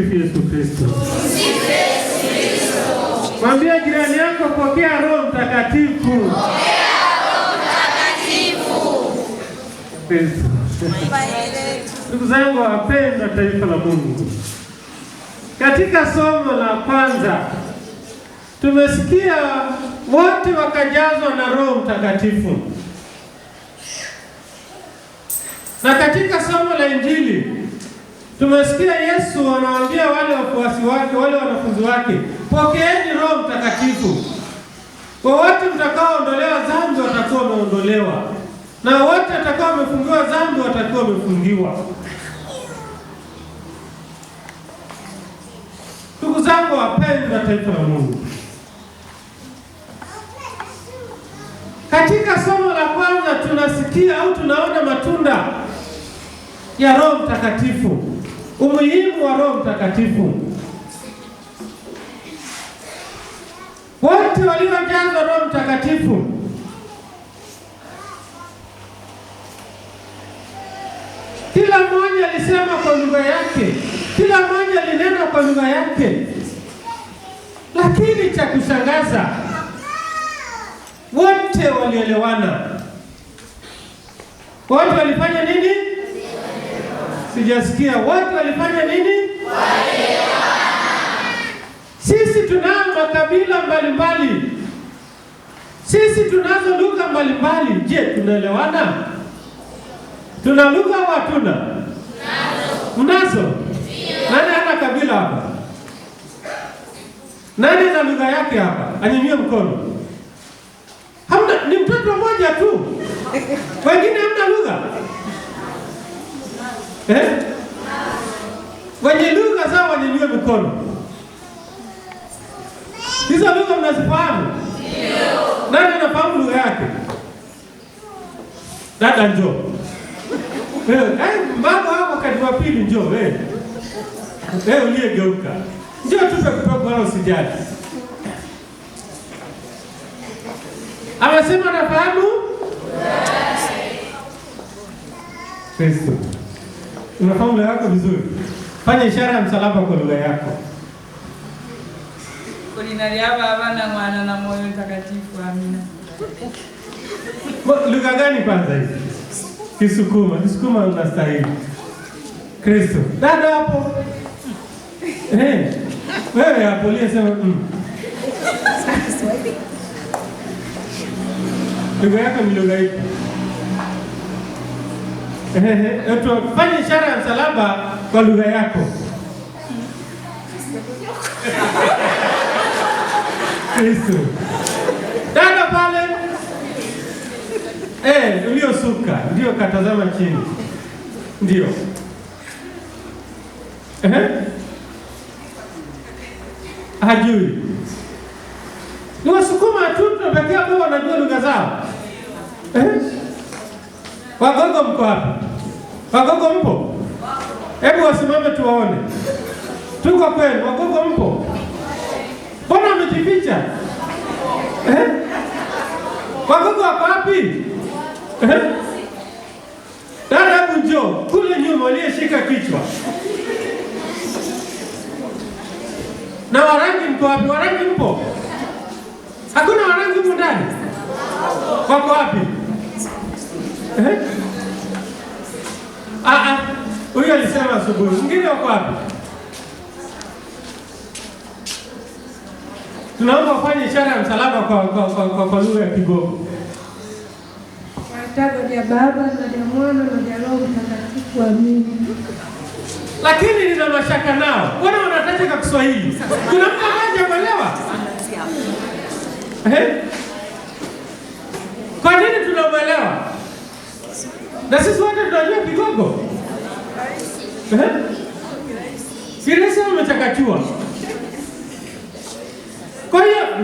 Tumsifu Yesu Kristo. Mwambie jirani yako, pokea Roho Mtakatifu. Ndugu zangu wapenda, taifa la Mungu, katika somo la kwanza tumesikia wote wakajazwa na Roho Mtakatifu, na katika somo la Injili Tumesikia Yesu anawaambia wale wafuasi wake, wale wanafunzi wake, pokeeni Roho Mtakatifu. Kwa wote mtakaoondolewa dhambi watakuwa wameondolewa, na wote watakao wamefungiwa dhambi watakuwa wamefungiwa. Ndugu zangu na taifa la Mungu, katika somo la kwanza tunasikia au tunaona matunda ya Roho Mtakatifu umuhimu wa Roho Mtakatifu. Wote waliojazwa Roho Mtakatifu kila mmoja alisema kwa lugha yake, kila mmoja alinena kwa lugha yake. Lakini cha kushangaza, wote walielewana. Wote walifanya nini? Sijasikia wote walifanya nini? Sisi tunayo makabila mbalimbali, sisi tunazo lugha mbalimbali. Je, tunaelewana? Tuna lugha au hatuna? Mnazo? Nani ana kabila hapa? Nani ana lugha yake hapa? Anyanyue mkono. Hamna, ni mtoto mmoja tu, wengine hamna lugha eh? wenye lugha zao wanyanyue mikono. Hizo lugha mnazifahamu? Ndio. Nani anafahamu lugha yake? Dada njoo. Eh, eh, Baba hapo wakati wa pili njo eh. eh, uliyegeuka njoo, tupe kutoka wala usijali. Amesema anafahamu Kristo. Unafahamu lugha yako vizuri? Fanya ishara ya msalaba kwa lugha yako. Lugha gani kwanza hizi? Kisukuma, Kisukuma unastahili. Kristo. Dada hapo. Eh. Wewe hapo uliyesema mm. Lugha yako ni lugha ipi? Fanya ishara ya msalaba kwa lugha yako Kristo dada pale eh, uliosuka ndio katazama chini ndio eh? Hajui ni Wasukuma tu pekee ambao wanajua lugha zao eh? Wagogo mko hapa? Wagogo mpo? Hebu wasimame tuwaone, tuko kwenu. Wagogo mpo? Mbona wamejificha eh? Wagogo wako wapi eh? Dada, hebu njoo kule nyuma, waliyeshika kichwa na Warangi mko wapi? Warangi mpo? Hakuna Warangi mpo ndani? Wako wapi eh? ah -ah. Huyu alisema asubuhi. Mwingine wako wapi? Tunaomba fanye ishara ya msalaba kwa kwa kwa, kwa, kwa lugha ya Kigogo. Lakini nina mashaka nao. Wana kwa Kiswahili. Kuna mtu anayeelewa? Eh? Kwa nini tunamwelewa? Na sisi wote tunajua Kigogo. Eh? si rahisi, umechakachua. Kwa hiyo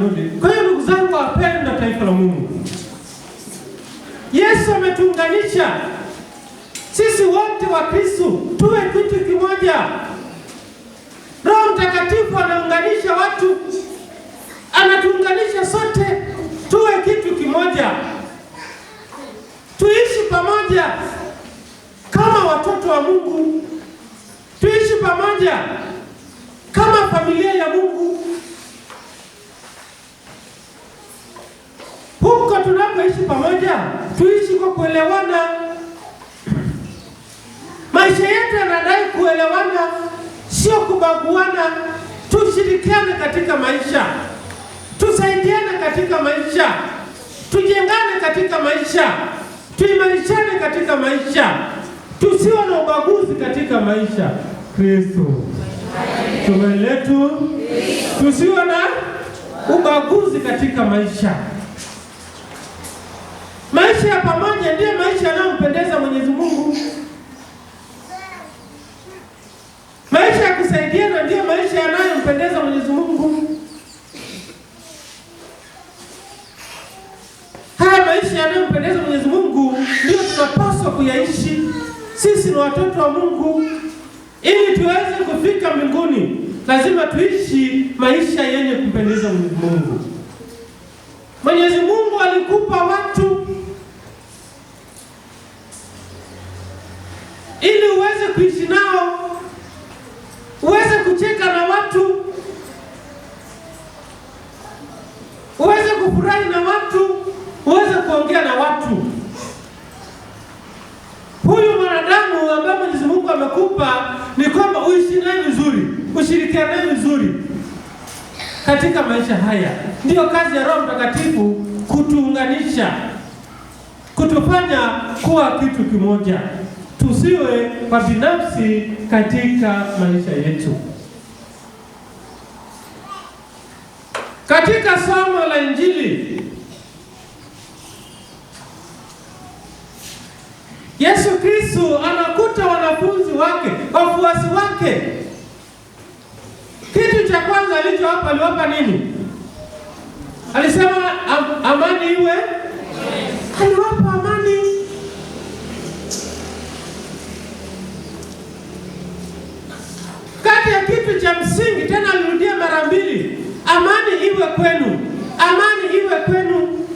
ndugu zangu wapenda taifa la Mungu, Yesu ametuunganisha sisi wote wa Kristo, tuwe kitu kimoja. Roho Mtakatifu anaunganisha watu, anatuunganisha sote, tuwe kitu kimoja, tuishi pamoja wa Mungu, tuishi pamoja kama familia ya Mungu. Huko tunapoishi pamoja, tuishi kwa kuelewana. Maisha yetu yanadai kuelewana, sio kubaguana. Tushirikiane katika maisha, tusaidiane katika maisha, tujengane katika maisha, tuimarishane katika maisha tusiwe na ubaguzi katika maisha. Kristo tumaini letu, tusiwe na ubaguzi katika maisha. Maisha ya pamoja ndiyo maisha watoto wa Mungu, ili tuweze kufika mbinguni, lazima tuishi maisha yenye kumpendeza Mungu. Mwenyezi Mungu alikupa watu ili uweze kuishi maisha haya. Ndiyo kazi ya Roho Mtakatifu kutuunganisha, kutufanya kuwa kitu kimoja, tusiwe kwa binafsi katika maisha yetu. Katika somo la Injili Yesu Kristo anakuta wanafunzi wake, wafuasi wake alicho hapa aliwapa nini? Alisema am, amani iwe, aliwapa amani. Kati ya kitu cha msingi tena, alirudia mara mbili, amani iwe kwenu, amani iwe kwenu.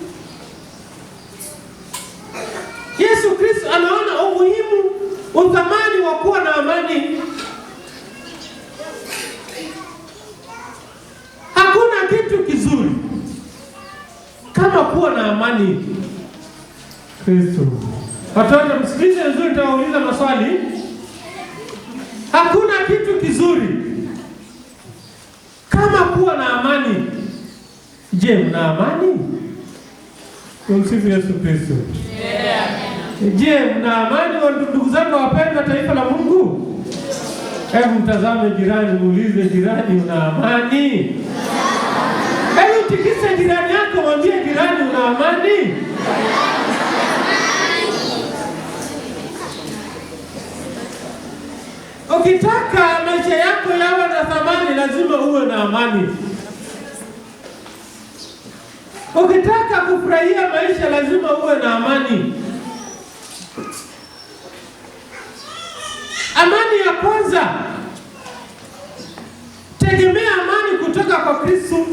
Yesu Kristo anaona umuhimu, uthamani wa kuwa na amani kuwa na amani Kristo. Watoto msikilize vizuri, tawauliza maswali. Hakuna kitu kizuri kama kuwa na amani. Je, mna amani? Tumsifu Yesu Kristo. Je, mna amani ndugu zangu wapendwa, taifa la Mungu? Hebu mtazame jirani, muulize jirani, una amani? Hebu tikise jirani yako jirani una amani? Ukitaka maisha yako yawe na thamani, lazima uwe na amani. Ukitaka kufurahia maisha, lazima uwe na amani. Amani ya kwanza, tegemea amani kutoka kwa Kristo.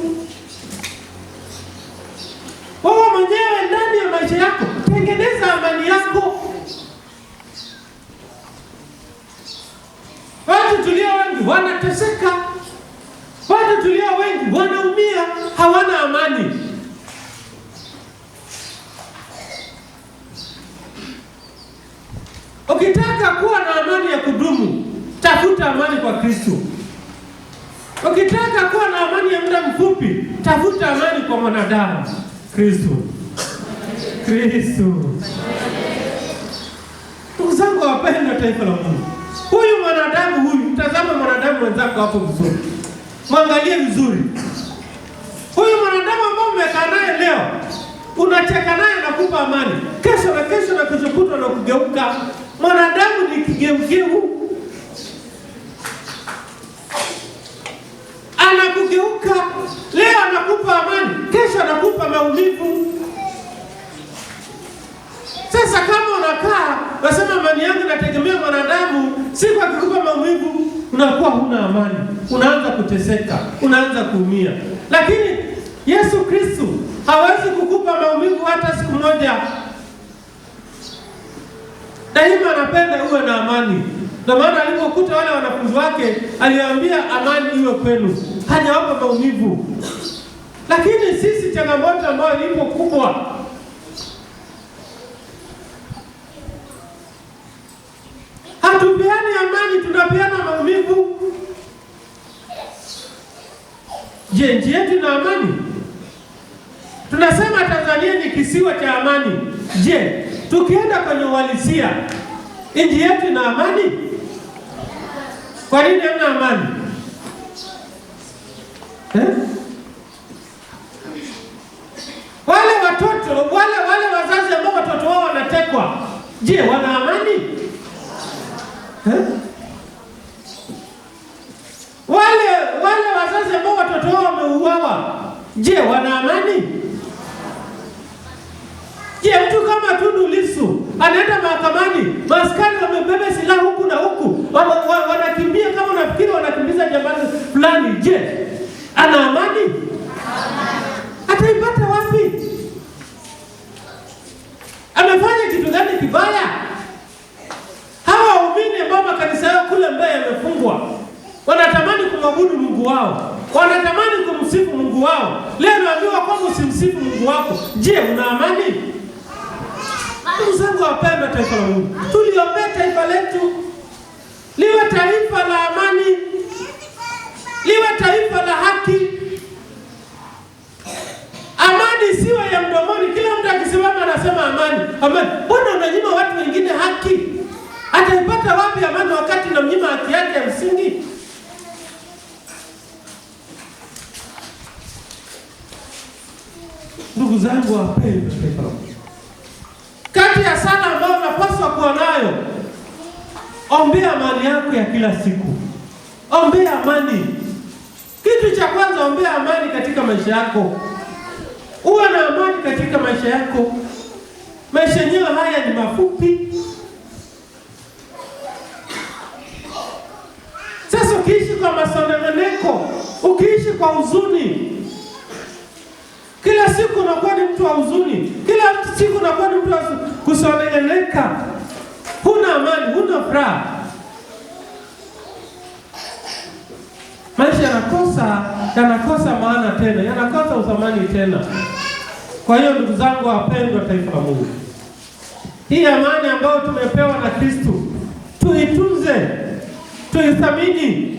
maisha yako, tengeneza amani yako. Watu tulio wengi wanateseka, watu tulio wengi wanaumia, hawana amani. Ukitaka kuwa na amani ya kudumu, tafuta amani kwa Kristo. Ukitaka kuwa na amani ya muda mfupi, tafuta amani kwa mwanadamu Kristo. Kristo. Ndugu zangu wapendwa, taifa la Mungu, huyu mwanadamu huyu, mtazama mwanadamu wenzako hapo vizuri, mwangalie vizuri huyu mwanadamu ambao umekaa naye leo, unacheka naye na kupa amani, kesho na kesho na kesho kutwa na kugeuka. Mwanadamu ni kigeugeu anakugeuka leo anakupa amani, kesho anakupa maumivu. Sasa kama unakaa unasema amani yangu nategemea mwanadamu, siku akikupa maumivu unakuwa huna amani, unaanza kuteseka, unaanza kuumia. Lakini Yesu Kristo hawezi kukupa maumivu hata siku moja. Daima anapenda uwe na amani. Ndio maana alipokuta wale wanafunzi wake aliwaambia amani iwe kwenu, hajawapa maumivu. Lakini sisi changamoto ambayo ipo kubwa Je, nchi yetu ina amani? Tunasema Tanzania ni kisiwa cha amani. Je, tukienda kwenye uhalisia, nchi yetu ina amani? Kwa nini hamna amani eh? Wale watoto wale wale wazazi ambao watoto wao wanatekwa, je, wana amani eh? Je, wana amani? Je, mtu kama Tundu Lissu anaenda mahakamani, maskari wamebeba silaha huku na huku, wanakimbia kama unafikiri wanakimbiza jambazi fulani. Je, ana amani? Ataipata wapi? Amefanya kitu gani kibaya? Hawa waumini ambao makanisa yao kule Mbeya yamefungwa, wanatamani kumwabudu Mungu wao wanatamani kumsifu Mungu wao. Leo najua kwamba usimsifu Mungu wako. Je, una amani? Ndugu zangu wapendwa, taifa la Mungu, tuliombee taifa letu liwe taifa Ombea amani yako ya kila siku, ombea amani. Kitu cha kwanza, ombea amani katika maisha yako. Uwe na amani katika maisha yako. Maisha yenyewe haya ni mafupi. Sasa ukiishi kwa masononeko, ukiishi kwa huzuni, kila siku unakuwa ni mtu wa huzuni, kila siku unakuwa ni mtu wa kusononeka amani, huna furaha, maisha yanakosa yanakosa maana tena, yanakosa uthamani tena. Kwa hiyo ndugu zangu wapendwa, taifa la Mungu, hii amani ambayo tumepewa na Kristo tuitunze, tuithamini.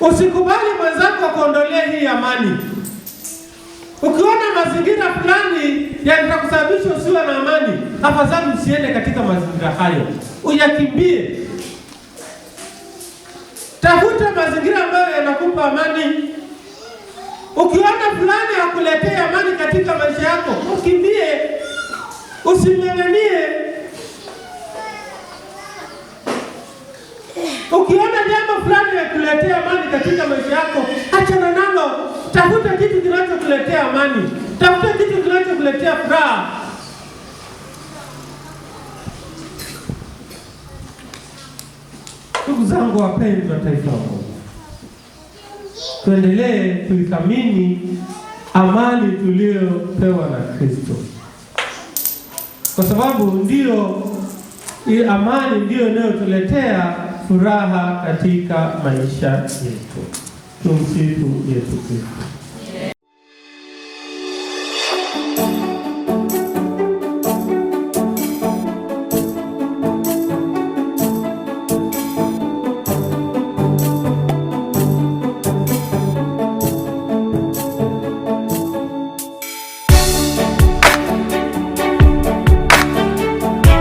Usikubali mwenzako akuondolee hii amani. Ukiona mazingira fulani yatakusababisha usiwe na amani, afadhali usiende katika mazingira hayo, uyakimbie. Tafuta mazingira ambayo yanakupa amani. Ukiona fulani hakuletee amani katika maisha yako, ukimbie, usimng'ang'anie. Ukiona jambo fulani hakuletee amani katika maisha yako kinachokuletea amani, tafuta kitu kinachokuletea furaha. Ndugu zangu wa taifa wangu, tuendelee kuithamini amani tuliyopewa na Kristo, kwa sababu ndiyo amani ndiyo inayotuletea furaha katika maisha yetu. Tumsifu Yesu Kristo.